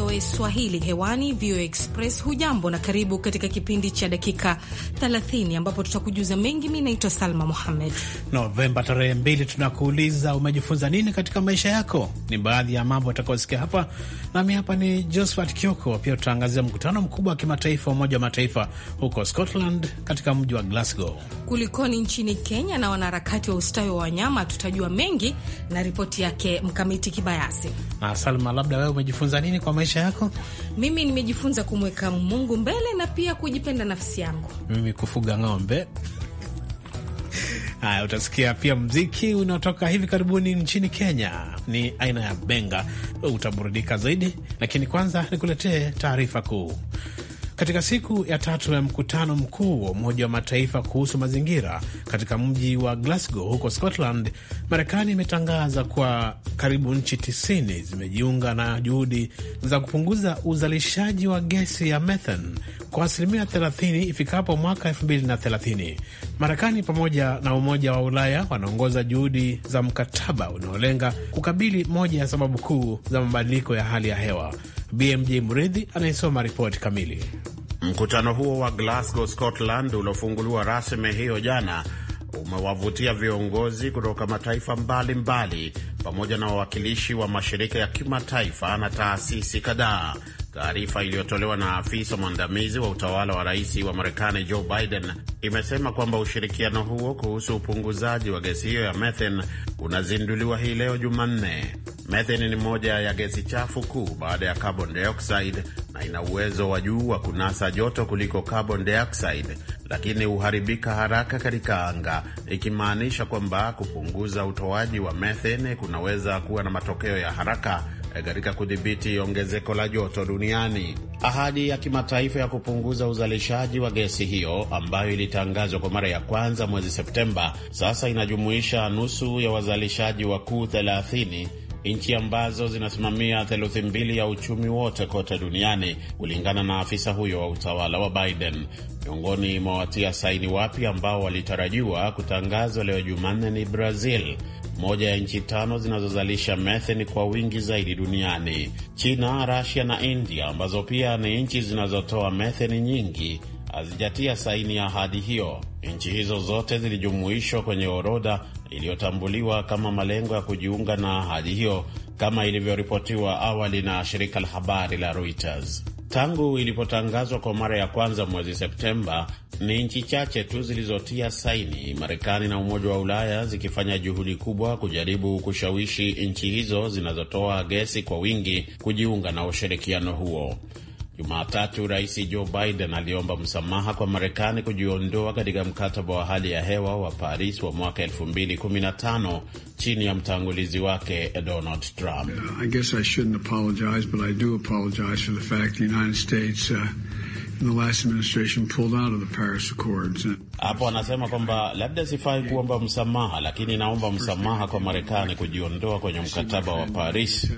VOA Swahili hewani, VOA Express. Hujambo na karibu katika kipindi cha dakika 30 ambapo tutakujuza mengi. Mi naitwa Salma Muhamed. Novemba tarehe mbili, tunakuuliza umejifunza nini katika maisha yako? Ni baadhi ya mambo utakaosikia hapa, nami hapa ni Josphat Kioko. Pia tutaangazia mkutano mkubwa wa kimataifa wa Umoja wa Mataifa huko Scotland, katika mji wa Glasgow. Kulikoni nchini Kenya na wanaharakati wa ustawi wa wanyama, tutajua mengi na ripoti yake Mkamiti Kibayasi na Salma. Labda wewe umejifunza nini kwa maisha maisha yako? Mimi nimejifunza kumweka Mungu mbele na pia kujipenda nafsi yangu. Mimi kufuga ng'ombe. Haya, utasikia pia mziki unaotoka hivi karibuni nchini Kenya, ni aina ya benga, utaburudika zaidi, lakini kwanza nikuletee taarifa kuu. Katika siku ya tatu ya mkutano mkuu wa Umoja wa Mataifa kuhusu mazingira katika mji wa Glasgow huko Scotland, Marekani imetangaza kuwa karibu nchi 90 zimejiunga na juhudi za kupunguza uzalishaji wa gesi ya methane kwa asilimia 30 ifikapo mwaka 2030. Marekani pamoja na Umoja wa Ulaya wanaongoza juhudi za mkataba unaolenga kukabili moja ya sababu kuu za mabadiliko ya hali ya hewa BMJ Mridhi anayesoma ripoti kamili. Mkutano huo wa Glasgow, Scotland, uliofunguliwa rasmi hiyo jana umewavutia viongozi kutoka mataifa mbalimbali mbali, pamoja na wawakilishi wa mashirika ya kimataifa na taasisi kadhaa. Taarifa iliyotolewa na afisa mwandamizi wa utawala wa rais wa Marekani Joe Biden imesema kwamba ushirikiano huo kuhusu upunguzaji wa gesi hiyo ya methane unazinduliwa hii leo Jumanne. Methane ni moja ya gesi chafu kuu baada ya carbon dioxide na ina uwezo wa juu wa kunasa joto kuliko carbon dioxide, lakini huharibika haraka katika anga, ikimaanisha kwamba kupunguza utoaji wa methane kunaweza kuwa na matokeo ya haraka eh, katika kudhibiti ongezeko la joto duniani. Ahadi ya kimataifa ya kupunguza uzalishaji wa gesi hiyo ambayo ilitangazwa kwa mara ya kwanza mwezi Septemba sasa inajumuisha nusu ya wazalishaji wakuu nchi ambazo zinasimamia theluthi mbili ya uchumi wote kote duniani, kulingana na afisa huyo wa utawala wa Biden. Miongoni mwa watia saini wapya ambao walitarajiwa kutangazwa leo Jumanne ni Brazil, moja ya nchi tano zinazozalisha metheni kwa wingi zaidi duniani. China, Rasia na India ambazo pia ni nchi zinazotoa metheni nyingi hazijatia saini ahadi hiyo. Nchi hizo zote zilijumuishwa kwenye orodha iliyotambuliwa kama malengo ya kujiunga na ahadi hiyo kama ilivyoripotiwa awali na shirika la habari la Reuters. Tangu ilipotangazwa kwa mara ya kwanza mwezi Septemba, ni nchi chache tu zilizotia saini, Marekani na Umoja wa Ulaya zikifanya juhudi kubwa kujaribu kushawishi nchi hizo zinazotoa gesi kwa wingi kujiunga na ushirikiano huo. Jumatatu, Rais Joe Biden aliomba msamaha kwa Marekani kujiondoa katika mkataba wa hali ya hewa wa Paris wa mwaka 2015 chini ya mtangulizi wake Donald Trump. Hapo anasema kwamba labda sifai kuomba msamaha, lakini naomba msamaha kwa Marekani kujiondoa kwenye mkataba wa Paris,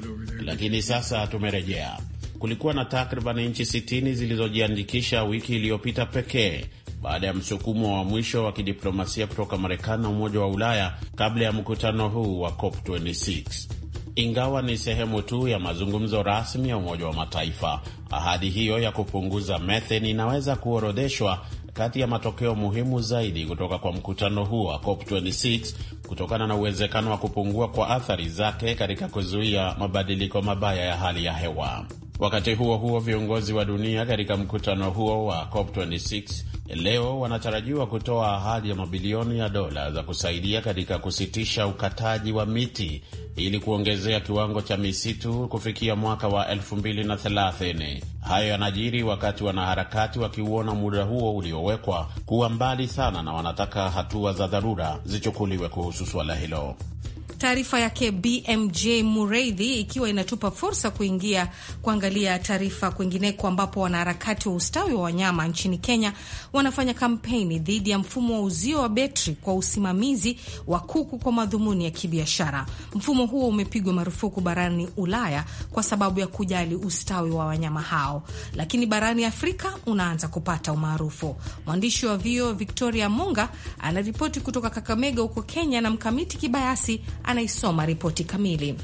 lakini sasa tumerejea kulikuwa na takriban nchi 60 zilizojiandikisha wiki iliyopita pekee baada ya msukumo wa mwisho wa kidiplomasia kutoka Marekani na Umoja wa Ulaya kabla ya mkutano huu wa COP26. Ingawa ni sehemu tu ya mazungumzo rasmi ya Umoja wa Mataifa, ahadi hiyo ya kupunguza methen inaweza kuorodheshwa kati ya matokeo muhimu zaidi kutoka kwa mkutano huo wa COP26 kutokana na uwezekano wa kupungua kwa athari zake katika kuzuia mabadiliko mabaya ya hali ya hewa. Wakati huo huo, viongozi wa dunia katika mkutano huo wa COP26 leo wanatarajiwa kutoa ahadi ya mabilioni ya dola za kusaidia katika kusitisha ukataji wa miti ili kuongezea kiwango cha misitu kufikia mwaka wa 2030. Hayo yanajiri wakati wanaharakati wakiuona muda huo uliowekwa kuwa mbali sana na wanataka hatua za dharura zichukuliwe kuhusu suala hilo taarifa yake BMJ Mureithi ikiwa inatupa fursa kuingia kuangalia taarifa kwingineko, ambapo wanaharakati wa ustawi wa wanyama nchini Kenya wanafanya kampeni dhidi ya mfumo wa uzio wa betri kwa usimamizi wa kuku kwa madhumuni ya kibiashara. Mfumo huo umepigwa marufuku barani Ulaya kwa sababu ya kujali ustawi wa wanyama hao, lakini barani Afrika unaanza kupata umaarufu. Mwandishi wa VOA Victoria Munga anaripoti kutoka Kakamega huko Kenya na Mkamiti Kibayasi anaisoma ripoti kamili.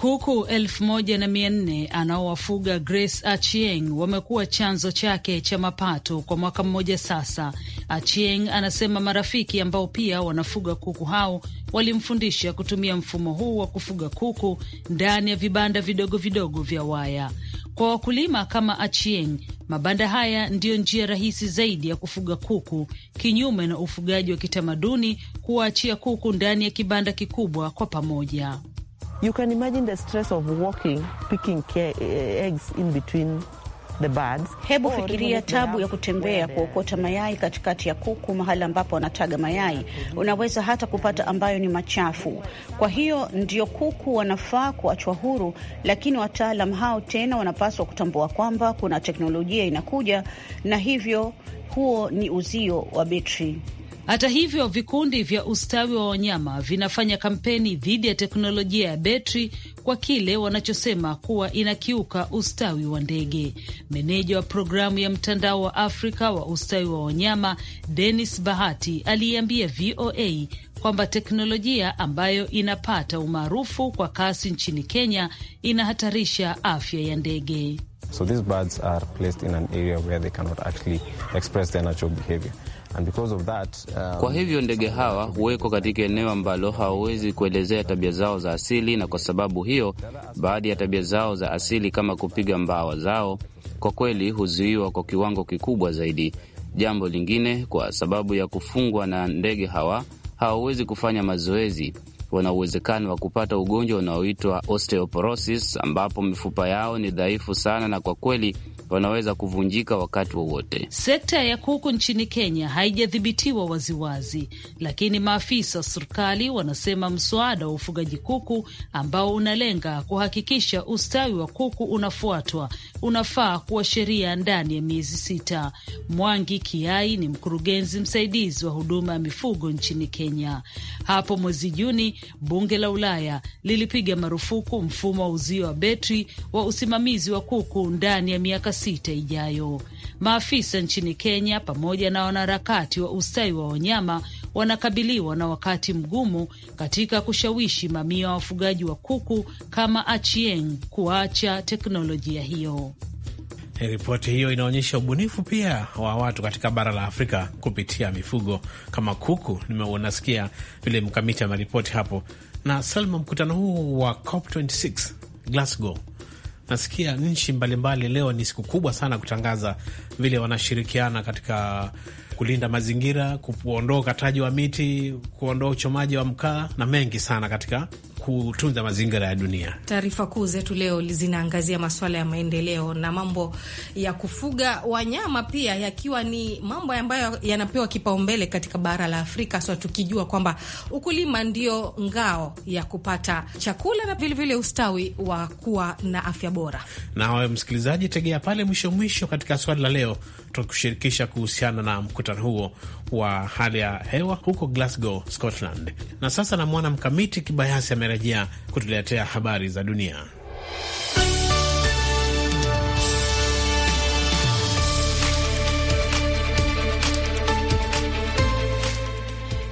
Kuku elfu moja na mia nne anaowafuga Grace Achieng wamekuwa chanzo chake cha mapato kwa mwaka mmoja sasa. Achieng anasema marafiki ambao pia wanafuga kuku hao walimfundisha kutumia mfumo huu wa kufuga kuku ndani ya vibanda vidogo vidogo vya waya. Kwa wakulima kama Achieng, mabanda haya ndiyo njia rahisi zaidi ya kufuga kuku, kinyume na ufugaji wa kitamaduni, kuwaachia kuku ndani ya kibanda kikubwa kwa pamoja. You can imagine the stress of walking, picking eh, eggs in between the birds. Hebu fikiria tabu ya kutembea kuokota mayai katikati ya kuku mahala ambapo wanataga mayai. Unaweza hata kupata ambayo ni machafu. Kwa hiyo ndio kuku wanafaa kuachwa huru, lakini wataalam hao tena wanapaswa kutambua kwamba kuna teknolojia inakuja, na hivyo huo ni uzio wa betri. Hata hivyo, vikundi vya ustawi wa wanyama vinafanya kampeni dhidi ya teknolojia ya betri kwa kile wanachosema kuwa inakiuka ustawi wa ndege. Meneja wa programu ya mtandao wa Afrika wa ustawi wa wanyama denis Bahati aliiambia VOA kwamba teknolojia ambayo inapata umaarufu kwa kasi nchini Kenya inahatarisha afya ya ndege. So these birds are placed in an area where they cannot actually express their natural behavior. And because of that, um, kwa hivyo ndege hawa huwekwa katika eneo ambalo hawawezi kuelezea tabia zao za asili, na kwa sababu hiyo baadhi ya tabia zao za asili kama kupiga mbawa zao kwa kweli huzuiwa kwa kiwango kikubwa zaidi. Jambo lingine, kwa sababu ya kufungwa na ndege hawa hawawezi kufanya mazoezi wana uwezekano wa kupata ugonjwa unaoitwa osteoporosis, ambapo mifupa yao ni dhaifu sana na kwa kweli wanaweza kuvunjika wakati wowote. Sekta ya kuku nchini Kenya haijadhibitiwa waziwazi, lakini maafisa wa serikali wanasema mswada wa ufugaji kuku ambao unalenga kuhakikisha ustawi wa kuku unafuatwa unafaa kuwa sheria ndani ya miezi sita. Mwangi Kiai ni mkurugenzi msaidizi wa huduma ya mifugo nchini Kenya. Hapo mwezi Juni bunge la Ulaya lilipiga marufuku mfumo wa uzio wa betri wa usimamizi wa kuku ndani ya miaka sita ijayo. Maafisa nchini Kenya pamoja na wanaharakati wa ustawi wa wanyama wanakabiliwa na wakati mgumu katika kushawishi mamia wa wafugaji wa kuku kama Achieng kuacha teknolojia hiyo. Eh, ripoti hiyo inaonyesha ubunifu pia wa watu katika bara la Afrika kupitia mifugo kama kuku. Nimeunasikia vile mkamiti ameripoti hapo. Na Salma, mkutano huu wa COP26 Glasgow, nasikia nchi mbalimbali leo ni siku kubwa sana kutangaza vile wanashirikiana katika kulinda mazingira, kuondoa ukataji wa miti, kuondoa uchomaji wa mkaa na mengi sana katika kutunza mazingira ya dunia. Taarifa kuu zetu leo zinaangazia masuala ya maendeleo na mambo ya kufuga wanyama pia yakiwa ni mambo ambayo yanapewa kipaumbele katika bara la Afrika, so tukijua kwamba ukulima ndio ngao ya kupata chakula na vilevile ustawi wa kuwa na afya bora. Nawe msikilizaji, tegea pale mwisho mwisho katika swali la leo tukushirikisha kuhusiana na mkutano huo wa hali ya hewa huko Glasgow, Scotland. Na sasa namwona Mkamiti Kibayasi ame anarejea kutuletea habari za dunia.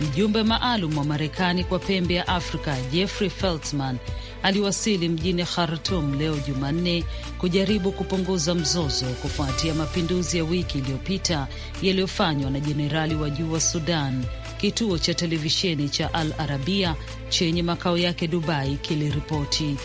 Mjumbe maalum wa Marekani kwa pembe ya Afrika Jeffrey Feltman aliwasili mjini Khartum leo Jumanne kujaribu kupunguza mzozo kufuatia mapinduzi ya wiki iliyopita yaliyofanywa na jenerali wa juu wa Sudan kituo cha televisheni cha Al Arabia chenye makao yake Dubai kiliripoti.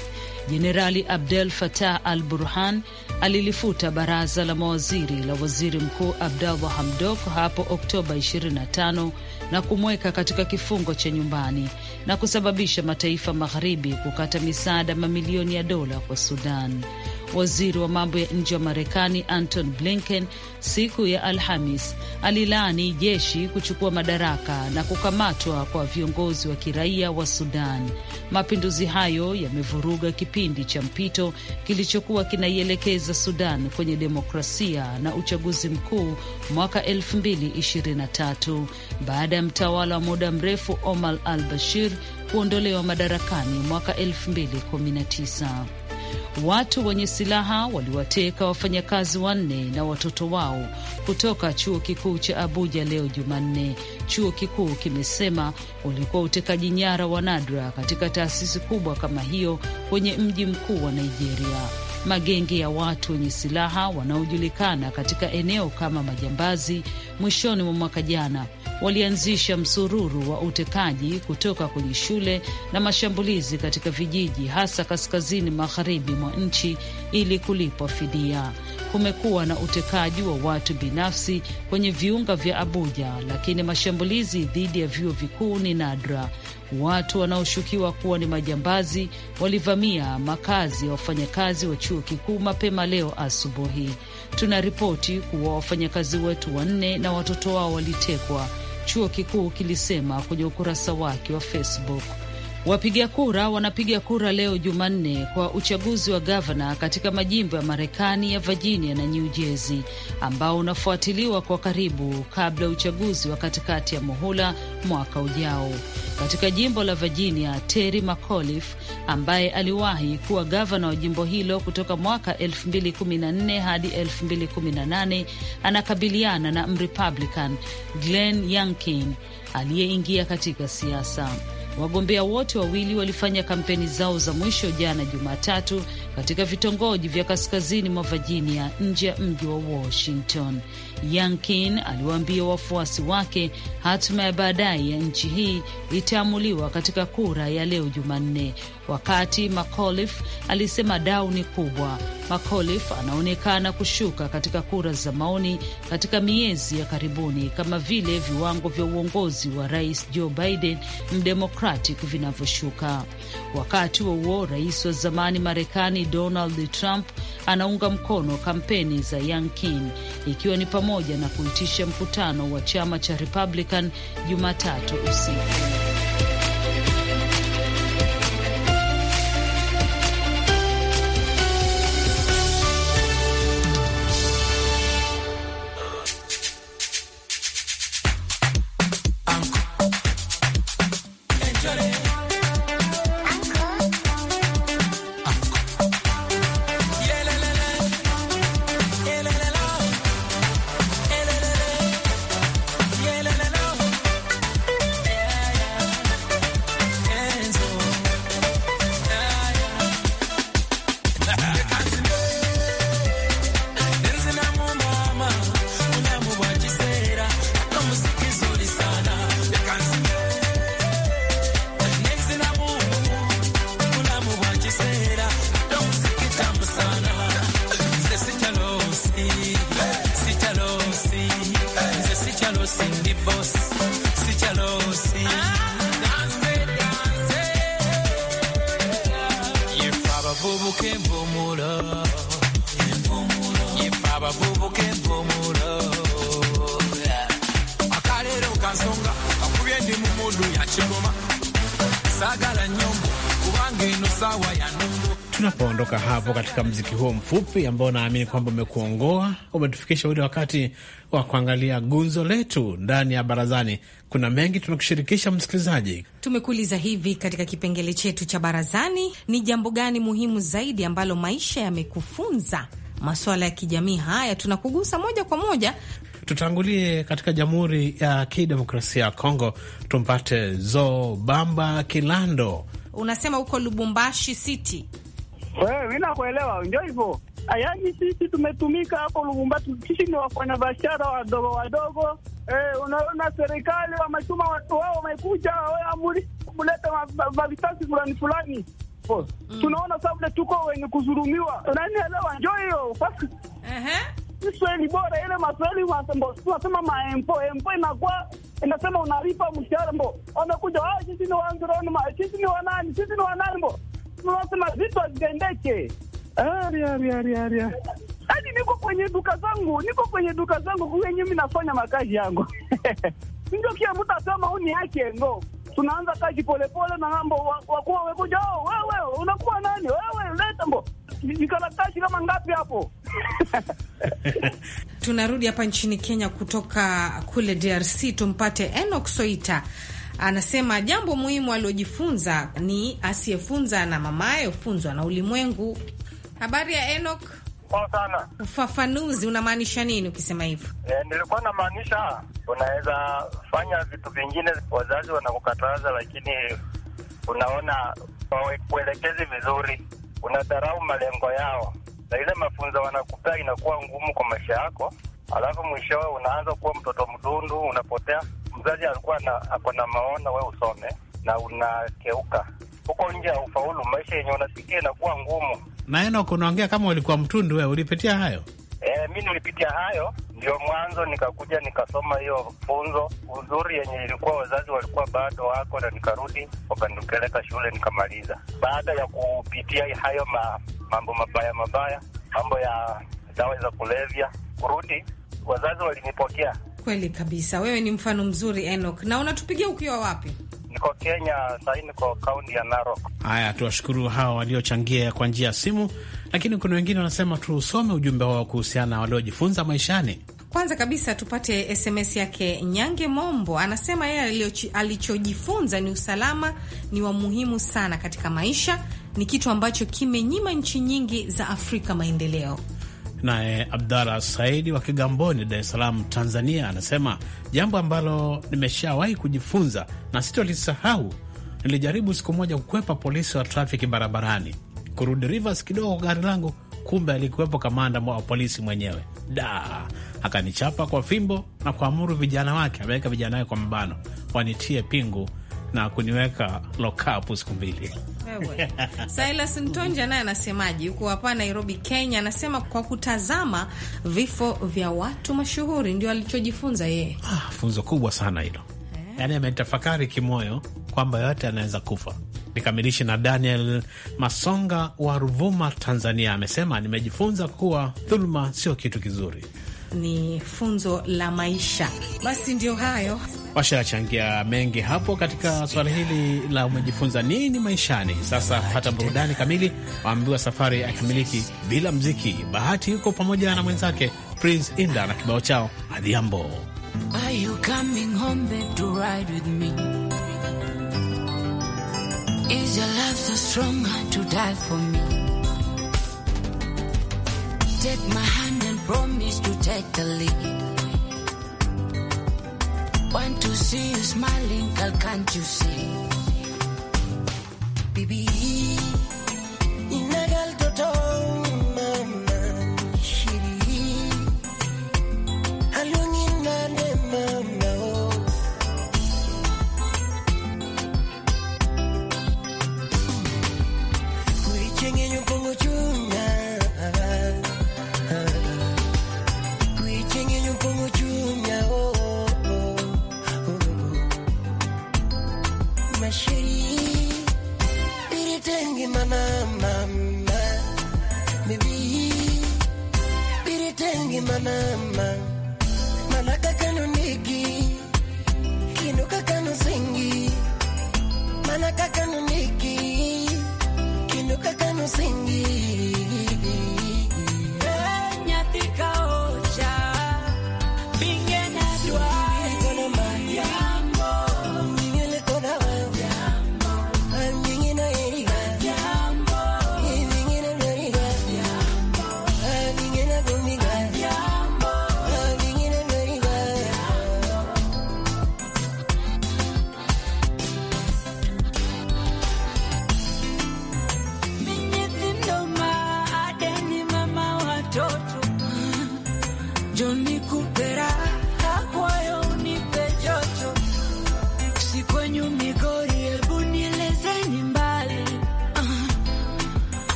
Jenerali Abdel Fattah Al Burhan alilifuta baraza la mawaziri la waziri mkuu Abdallah Hamdok hapo Oktoba 25 na kumweka katika kifungo cha nyumbani na kusababisha mataifa magharibi kukata misaada mamilioni ya dola kwa Sudan. Waziri wa mambo ya nje wa Marekani Anton Blinken siku ya Alhamis alilaani jeshi kuchukua madaraka na kukamatwa kwa viongozi wa kiraia wa Sudan. Mapinduzi hayo yamevuruga kipindi cha mpito kilichokuwa kinaielekeza Sudan kwenye demokrasia na uchaguzi mkuu mwaka 2023 baada ya mtawala wa muda mrefu Omar al Bashir kuondolewa madarakani mwaka 2019. Watu wenye silaha waliwateka wafanyakazi wanne na watoto wao kutoka chuo kikuu cha Abuja leo Jumanne. Chuo kikuu kimesema ulikuwa utekaji nyara wa nadra katika taasisi kubwa kama hiyo kwenye mji mkuu wa Nigeria. Magenge ya watu wenye silaha wanaojulikana katika eneo kama majambazi, mwishoni mwa mwaka jana walianzisha msururu wa utekaji kutoka kwenye shule na mashambulizi katika vijiji, hasa kaskazini magharibi mwa nchi ili kulipwa fidia. Kumekuwa na utekaji wa watu binafsi kwenye viunga vya Abuja, lakini mashambulizi dhidi ya vyuo vikuu ni nadra. Watu wanaoshukiwa kuwa ni majambazi walivamia makazi ya wafanyakazi wa chuo kikuu mapema leo asubuhi. Tuna ripoti kuwa wafanyakazi wetu wanne na watoto wao walitekwa chuo kikuu kilisema kwenye ukurasa wake wa Facebook. Wapiga kura wanapiga kura leo Jumanne kwa uchaguzi wa gavana katika majimbo ya Marekani ya Virginia na New Jersey ambao unafuatiliwa kwa karibu kabla ya uchaguzi wa katikati ya muhula mwaka ujao. Katika jimbo la Virginia, Terry McAuliffe ambaye aliwahi kuwa gavana wa jimbo hilo kutoka mwaka 2014 hadi 2018 anakabiliana na Mrepublican Glenn Youngkin aliyeingia katika siasa. Wagombea wote wawili walifanya kampeni zao za mwisho jana Jumatatu katika vitongoji vya kaskazini mwa Virginia nje ya mji wa Washington. yankin aliwaambia wafuasi wake hatima ya baadaye ya nchi hii itaamuliwa katika kura ya leo Jumanne, wakati McAuliffe alisema dau ni kubwa. McAuliffe anaonekana kushuka katika kura za maoni katika miezi ya karibuni kama vile viwango vya uongozi wa Rais Joe Biden mdemokratic vinavyoshuka. Wakati wa huo, rais wa zamani Marekani Donald Trump anaunga mkono kampeni za Youngkin ikiwa ni pamoja na kuitisha mkutano wa chama cha Republican Jumatatu usiku. abavubuka empumulo yimpa abavubuka empumulo akaleero kansonga akubye ndi mu mudu yakigoma saagala nnyombo kubanga eno saawa yanoma Tunapoondoka hapo katika mziki huo mfupi ambao naamini kwamba umekuongoa, umetufikisha ule wakati wa kuangalia gunzo letu ndani ya barazani. Kuna mengi tunakushirikisha msikilizaji. Tumekuuliza hivi katika kipengele chetu cha barazani, ni jambo gani muhimu zaidi ambalo maisha yamekufunza? Masuala ya kijamii haya tunakugusa moja kwa moja. Tutangulie katika Jamhuri ya Kidemokrasia ya Kongo, tumpate Zo Bamba Kilando. Unasema huko Lubumbashi City wewe eh, mimi nakuelewa, ndio hivyo. Yaani sisi tumetumika hapo Lubumbatu, sisi ni wafanya biashara wadogo wadogo. Eh, unaona serikali wamechuma watu wao, wamekuja waamuri kuleta mavitasi fulani fulani Mm. Tunaona sababu tuko wenye kuzurumiwa, unanielewa? Njo hiyo Eh basi. Swali bora ile maswali tunasema maempo empo inakuwa inasema unalipa mshahara mbo, wamekuja ah, sisi ni wangironi, sisi ni wanani, sisi ni wanani mbo tunasema vitu hazitendeke. Hadi yaani niko kwenye duka zangu, niko kwenye duka zangu wenye mi nafanya makazi yangu ndio kia mtu asema uni yake ngo tunaanza kazi polepole na mambo wakuwa wekuja oh, wewe unakuwa nani wewe leta mbo vikaratasi kama ngapi hapo? Tunarudi hapa nchini Kenya kutoka kule DRC, tumpate Enoch Soita anasema jambo muhimu aliojifunza ni asiyefunza na mamaye hufunzwa na ulimwengu. Habari ya Enoch sana. Ufafanuzi unamaanisha nini ukisema hivyo? E, nilikuwa namaanisha unaweza fanya vitu vingine wazazi wanakukataza, lakini unaona kuelekezi vizuri, unadharau malengo yao, na ile mafunzo wanakupea inakuwa ngumu kwa maisha yako, alafu mwishowe unaanza kuwa mtoto mdundu, unapotea mzazi alikuwa ako na maona we usome na unakeuka huko nje ya ufaulu, maisha yenye unasikia inakuwa ngumu. Na Enok, kama ulikuwa mtundu we, ulipitia hayo? E, mi nilipitia hayo, ndio mwanzo nikakuja nikasoma hiyo funzo uzuri yenye ilikuwa wazazi walikuwa bado wako na, nikarudi wakanipeleka shule nikamaliza, baada ya kupitia hayo ma, mambo mabaya mabaya, mambo ya dawa za kulevya, kurudi wazazi walinipokea Kweli kabisa, wewe ni mfano mzuri Enoch. Na unatupigia ukiwa wapi? Niko Kenya sahii, niko kaunti ya Narok. Haya, tuwashukuru hawa waliochangia kwa njia ya simu, lakini kuna wengine wanasema tuusome ujumbe wao kuhusiana na waliojifunza maishani. Kwanza kabisa tupate SMS yake Nyange Mombo, anasema yeye alichojifunza ni usalama ni wa muhimu sana katika maisha, ni kitu ambacho kimenyima nchi nyingi za Afrika maendeleo. Naye Abdalla Saidi wa Kigamboni, Dar es Salaam, Tanzania, anasema jambo ambalo nimeshawahi kujifunza na sitolisahau, nilijaribu siku moja kukwepa polisi wa trafiki barabarani, kurudi rivers kidogo gari langu, kumbe alikuwepo kamanda wa polisi mwenyewe. Da, akanichapa kwa fimbo na kuamuru vijana wake, ameweka vijana wake kwa mbano, wanitie pingu na kuniweka lokapu siku mbili. Silas Ntonja naye anasemaje? Yuko hapa Nairobi, Kenya, anasema kwa kutazama vifo vya watu mashuhuri ndio alichojifunza yeye. Ah, funzo kubwa sana hilo eh. Yaani ametafakari kimoyo kwamba yote anaweza kufa. Nikamilishi na Daniel Masonga wa Ruvuma, Tanzania, amesema nimejifunza kuwa dhuluma sio kitu kizuri, ni funzo la maisha. Basi ndio hayo washachangia mengi hapo katika swala hili la umejifunza nini maishani. Sasa hata burudani kamili, waambiwa safari haikamiliki bila mziki. Bahati yuko pamoja na mwenzake Prince Inda na kibao chao Adhiambo. Take my hand and promise to take the lead. Want to see you smiling, girl, can't you see? Baby.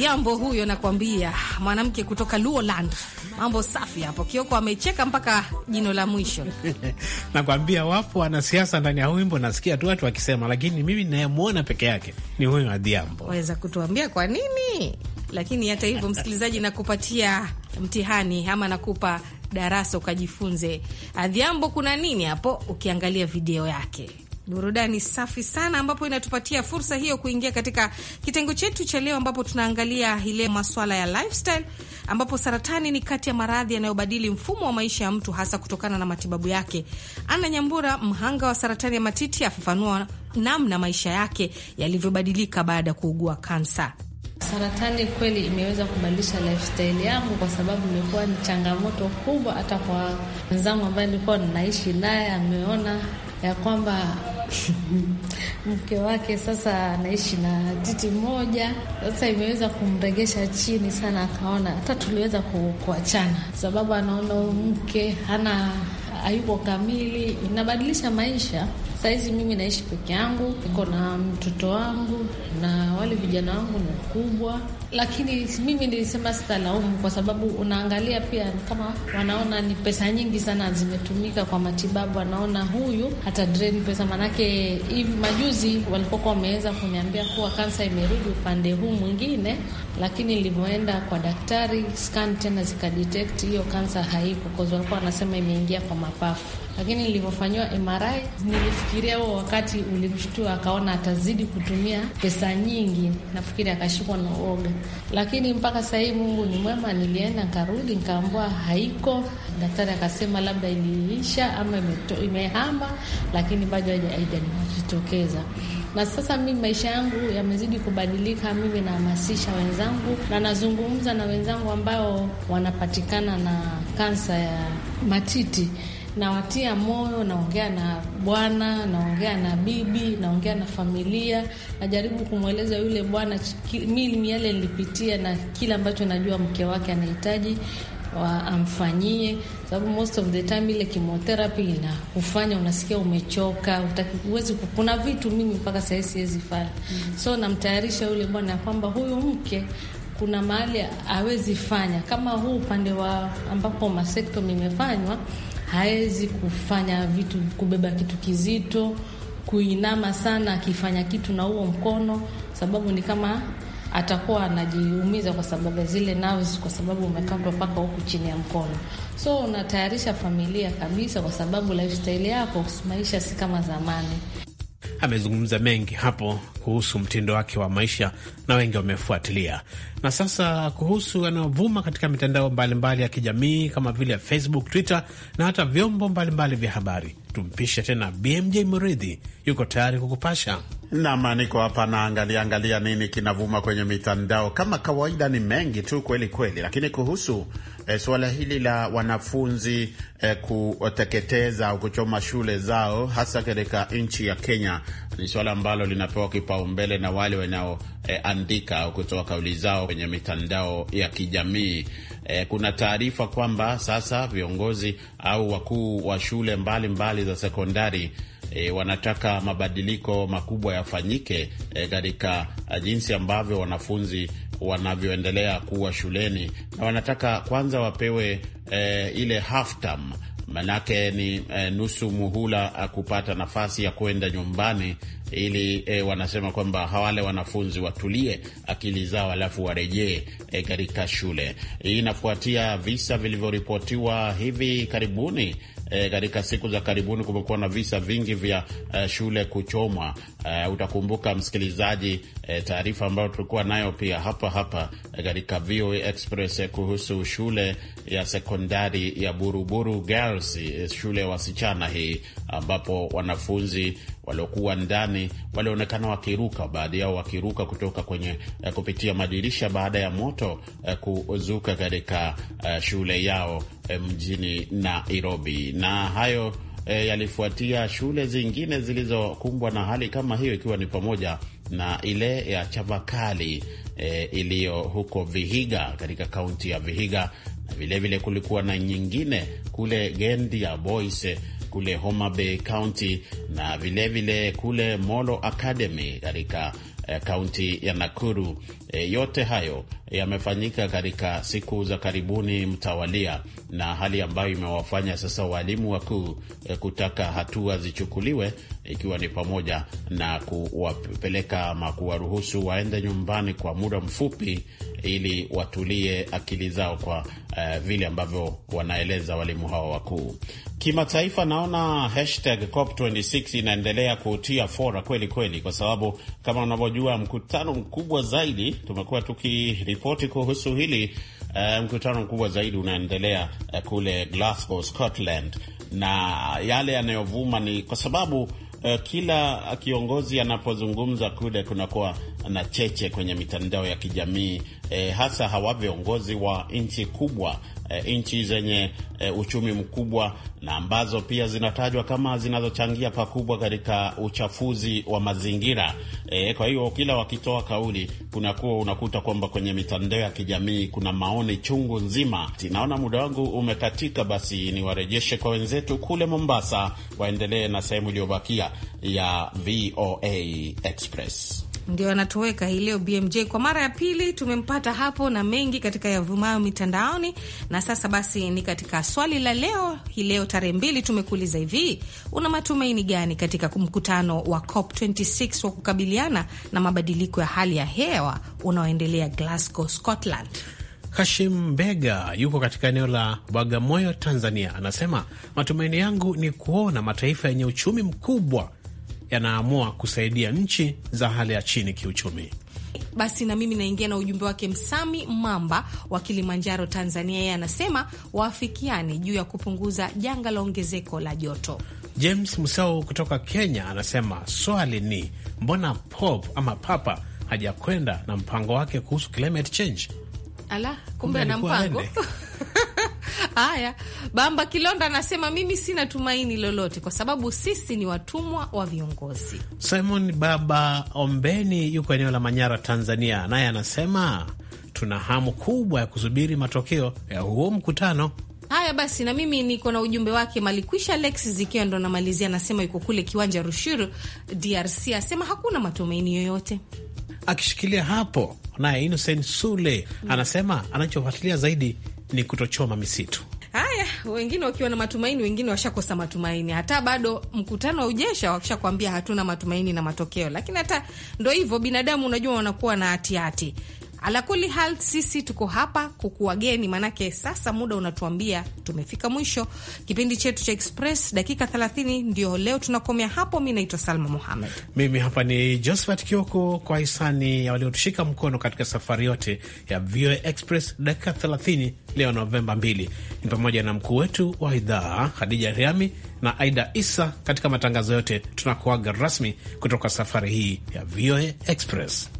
Odhiambo huyo nakwambia, mwanamke kutoka Luoland. Mambo safi hapo. Kioko amecheka mpaka jino la mwisho nakwambia, wapo wanasiasa ndani ya wimbo, nasikia tu watu wakisema, lakini mimi nayemwona peke yake ni huyo Odhiambo. Waweza kutuambia kwa nini? Lakini hata hivyo, msikilizaji, nakupatia mtihani ama nakupa darasa ukajifunze. Adhiambo, kuna nini hapo? Ukiangalia video yake burudani safi sana, ambapo inatupatia fursa hiyo kuingia katika kitengo chetu cha leo, ambapo tunaangalia ile maswala ya lifestyle, ambapo saratani ni kati ya maradhi yanayobadili mfumo wa maisha ya mtu, hasa kutokana na matibabu yake. Ana Nyambura, mhanga wa saratani ya matiti, afafanua namna maisha yake yalivyobadilika baada ya kuugua kansa. Saratani kweli imeweza kubadilisha lifestyle yangu kwa sababu imekuwa ni changamoto kubwa, hata kwa mwenzangu ambaye nilikuwa naishi naye ameona ya kwamba mke wake sasa anaishi na titi moja, sasa imeweza kumregesha chini sana. Akaona hata tuliweza kuachana, sababu anaona mke hana hayupo kamili, inabadilisha maisha. Sahizi mimi naishi peke yangu, niko na mtoto wangu na wale vijana wangu ni wakubwa, lakini mimi nilisema sitalaumu, kwa sababu unaangalia pia kama wanaona ni pesa nyingi sana zimetumika kwa matibabu, anaona huyu hata drain pesa. Manake hivi majuzi walipokuwa wameweza kuniambia kuwa kansa imerudi upande huu mwingine, lakini nilivyoenda kwa daktari, scan tena zikadetect hiyo kansa haipo, kwa walikuwa wanasema imeingia kwa ma mapafu, lakini nilivyofanyiwa MRI nilifikiria huo wakati ulimshtua, akaona atazidi kutumia pesa nyingi, nafikiri akashikwa na uoga. Lakini mpaka sasa hivi Mungu ni mwema, nilienda nkarudi, nkaambua haiko. Daktari akasema labda iliisha ama imehamba, imehama, lakini bado haijajitokeza na sasa mimi maisha yangu yamezidi kubadilika. Mimi nahamasisha wenzangu na nazungumza na wenzangu ambao wanapatikana na kansa ya matiti nawatia moyo, naongea na bwana, naongea na bibi, naongea na familia, najaribu kumweleza yule bwana mimi yale nilipitia na kile ambacho najua mke wake anahitaji amfanyie, sababu most of the time ile chemotherapy ina kufanya unasikia umechoka, huwezi. Kuna vitu mimi mpaka sahii siwezi fanya mm. -hmm. So namtayarisha yule bwana ya kwamba huyu mke kuna mahali awezi fanya kama huu upande wa ambapo masektomi imefanywa hawezi kufanya vitu, kubeba kitu kizito, kuinama sana akifanya kitu na huo mkono, sababu ni kama atakuwa anajiumiza kwa sababu ya zile nerves, kwa sababu umekatwa mpaka huku chini ya mkono. So unatayarisha familia kabisa, kwa sababu lifestyle yako maisha si kama zamani amezungumza mengi hapo kuhusu mtindo wake wa maisha na wengi wamefuatilia. Na sasa kuhusu yanayovuma katika mitandao mbalimbali mbali ya kijamii kama vile Facebook, Twitter na hata vyombo mbalimbali vya habari, tumpishe tena BMJ Muridhi, yuko tayari kukupasha. Nam, niko hapa naangalia angalia nini kinavuma kwenye mitandao. Kama kawaida, ni mengi tu kweli kweli, lakini kuhusu e, suala hili la wanafunzi e, kuteketeza au kuchoma shule zao hasa katika nchi ya Kenya ni suala ambalo linapewa kipaumbele na wale wanao e, andika au kutoa kauli zao kwenye mitandao ya kijamii. E, kuna taarifa kwamba sasa viongozi au wakuu wa shule mbalimbali mbali za sekondari E, wanataka mabadiliko makubwa yafanyike katika e, jinsi ambavyo wanafunzi wanavyoendelea kuwa shuleni, na wanataka kwanza wapewe e, ile half term, manake ni e, nusu muhula kupata nafasi ya kwenda nyumbani ili e, wanasema kwamba hawale wanafunzi watulie akili zao alafu warejee e, katika shule. Hii inafuatia visa vilivyoripotiwa hivi karibuni. E, katika siku za karibuni kumekuwa na visa vingi vya uh, shule kuchomwa. Uh, utakumbuka msikilizaji, e, taarifa ambayo tulikuwa nayo pia hapa hapa katika VOA Express e, kuhusu shule ya sekondari ya Buruburu Girls, e, shule ya wasichana hii, ambapo wanafunzi waliokuwa ndani walionekana wakiruka, baadhi yao wakiruka kutoka kwenye e, kupitia madirisha baada ya moto kuzuka katika shule yao mjini Nairobi. Na hayo e, yalifuatia shule zingine zilizokumbwa na hali kama hiyo, ikiwa ni pamoja na ile ya Chavakali e, iliyo huko Vihiga katika kaunti ya Vihiga, na vilevile kulikuwa na nyingine kule Gendi ya Boys e, kule Homa Bay County na vilevile vile kule Molo Academy katika Eh, kaunti ya Nakuru. E, yote hayo yamefanyika katika siku za karibuni mtawalia, na hali ambayo imewafanya sasa walimu wakuu e, kutaka hatua zichukuliwe, ikiwa ni pamoja na kuwapeleka ama kuwaruhusu waende nyumbani kwa muda mfupi ili watulie akili zao kwa uh, vile ambavyo wanaeleza walimu hao wakuu. Kimataifa, naona hashtag COP26 inaendelea kutia fora kweli kweli, kwa sababu kama unavyojua, mkutano mkubwa zaidi tumekuwa tukiripoti kuhusu hili uh, mkutano mkubwa zaidi unaendelea uh, kule Glasgow, Scotland, na yale yanayovuma ni kwa sababu uh, kila kiongozi anapozungumza kule kunakuwa na cheche kwenye mitandao ya kijamii e, hasa hawa viongozi wa nchi kubwa e, nchi zenye e, uchumi mkubwa na ambazo pia zinatajwa kama zinazochangia pakubwa katika uchafuzi wa mazingira e, kwa hiyo kila wakitoa kauli kunakuwa unakuta kwamba kwenye mitandao ya kijamii kuna maoni chungu nzima. Naona muda wangu umekatika, basi niwarejeshe kwa wenzetu kule Mombasa waendelee na sehemu iliyobakia ya VOA Express ndio anatoweka hii leo BMJ. Kwa mara ya pili tumempata hapo na mengi katika yavumayo mitandaoni. Na sasa basi ni katika swali la leo hii leo tarehe mbili, tumekuuliza hivi, una matumaini gani katika mkutano wa COP26 wa kukabiliana na mabadiliko ya hali ya hewa unaoendelea Glasgow, Scotland? Hashim Bega yuko katika eneo la Bagamoyo, Tanzania, anasema matumaini yangu ni kuona mataifa yenye uchumi mkubwa yanaamua kusaidia nchi za hali ya chini kiuchumi. Basi na mimi naingia na ujumbe wake Msami Mamba wa Kilimanjaro, Tanzania. Yeye anasema waafikiane juu ya kupunguza janga la ongezeko la joto. James Musau kutoka Kenya anasema swali ni mbona Pop ama Papa hajakwenda na mpango wake kuhusu climate change? Ala, kumbe ana mpango Haya, Bamba Kilonda anasema mimi sina tumaini lolote kwa sababu sisi ni watumwa wa viongozi. Simon Baba Ombeni yuko eneo la Manyara, Tanzania, naye anasema tuna hamu kubwa ya kusubiri matokeo ya huo mkutano. Haya basi, na mimi niko na ujumbe wake Malikwisha Lex zikiwa ndo namalizia, anasema yuko kule kiwanja Rushuru, DRC, asema hakuna matumaini yoyote akishikilia hapo. Naye Innocent Sule anasema anachofuatilia zaidi ni kutochoma misitu. Haya, wengine wakiwa na matumaini, wengine washakosa matumaini. Hata bado mkutano wa Ujesha wakishakwambia hatuna matumaini na matokeo, lakini hata ndo hivyo binadamu, unajua wanakuwa na hatihati hati. Ala kuli hal, sisi tuko hapa kukuwageni, manake sasa muda unatuambia tumefika mwisho kipindi chetu cha Express dakika 30, ndio leo tunakomea hapo. Mi naitwa Salma Muhamed, mimi hapa ni Josephat Kioko, kwa hisani ya waliotushika mkono katika safari yote ya VOA Express dakika 30 leo Novemba 2, ni pamoja na mkuu wetu wa idhaa Hadija Riami na Aida Isa. Katika matangazo yote tunakuaga rasmi kutoka safari hii ya VOA Express.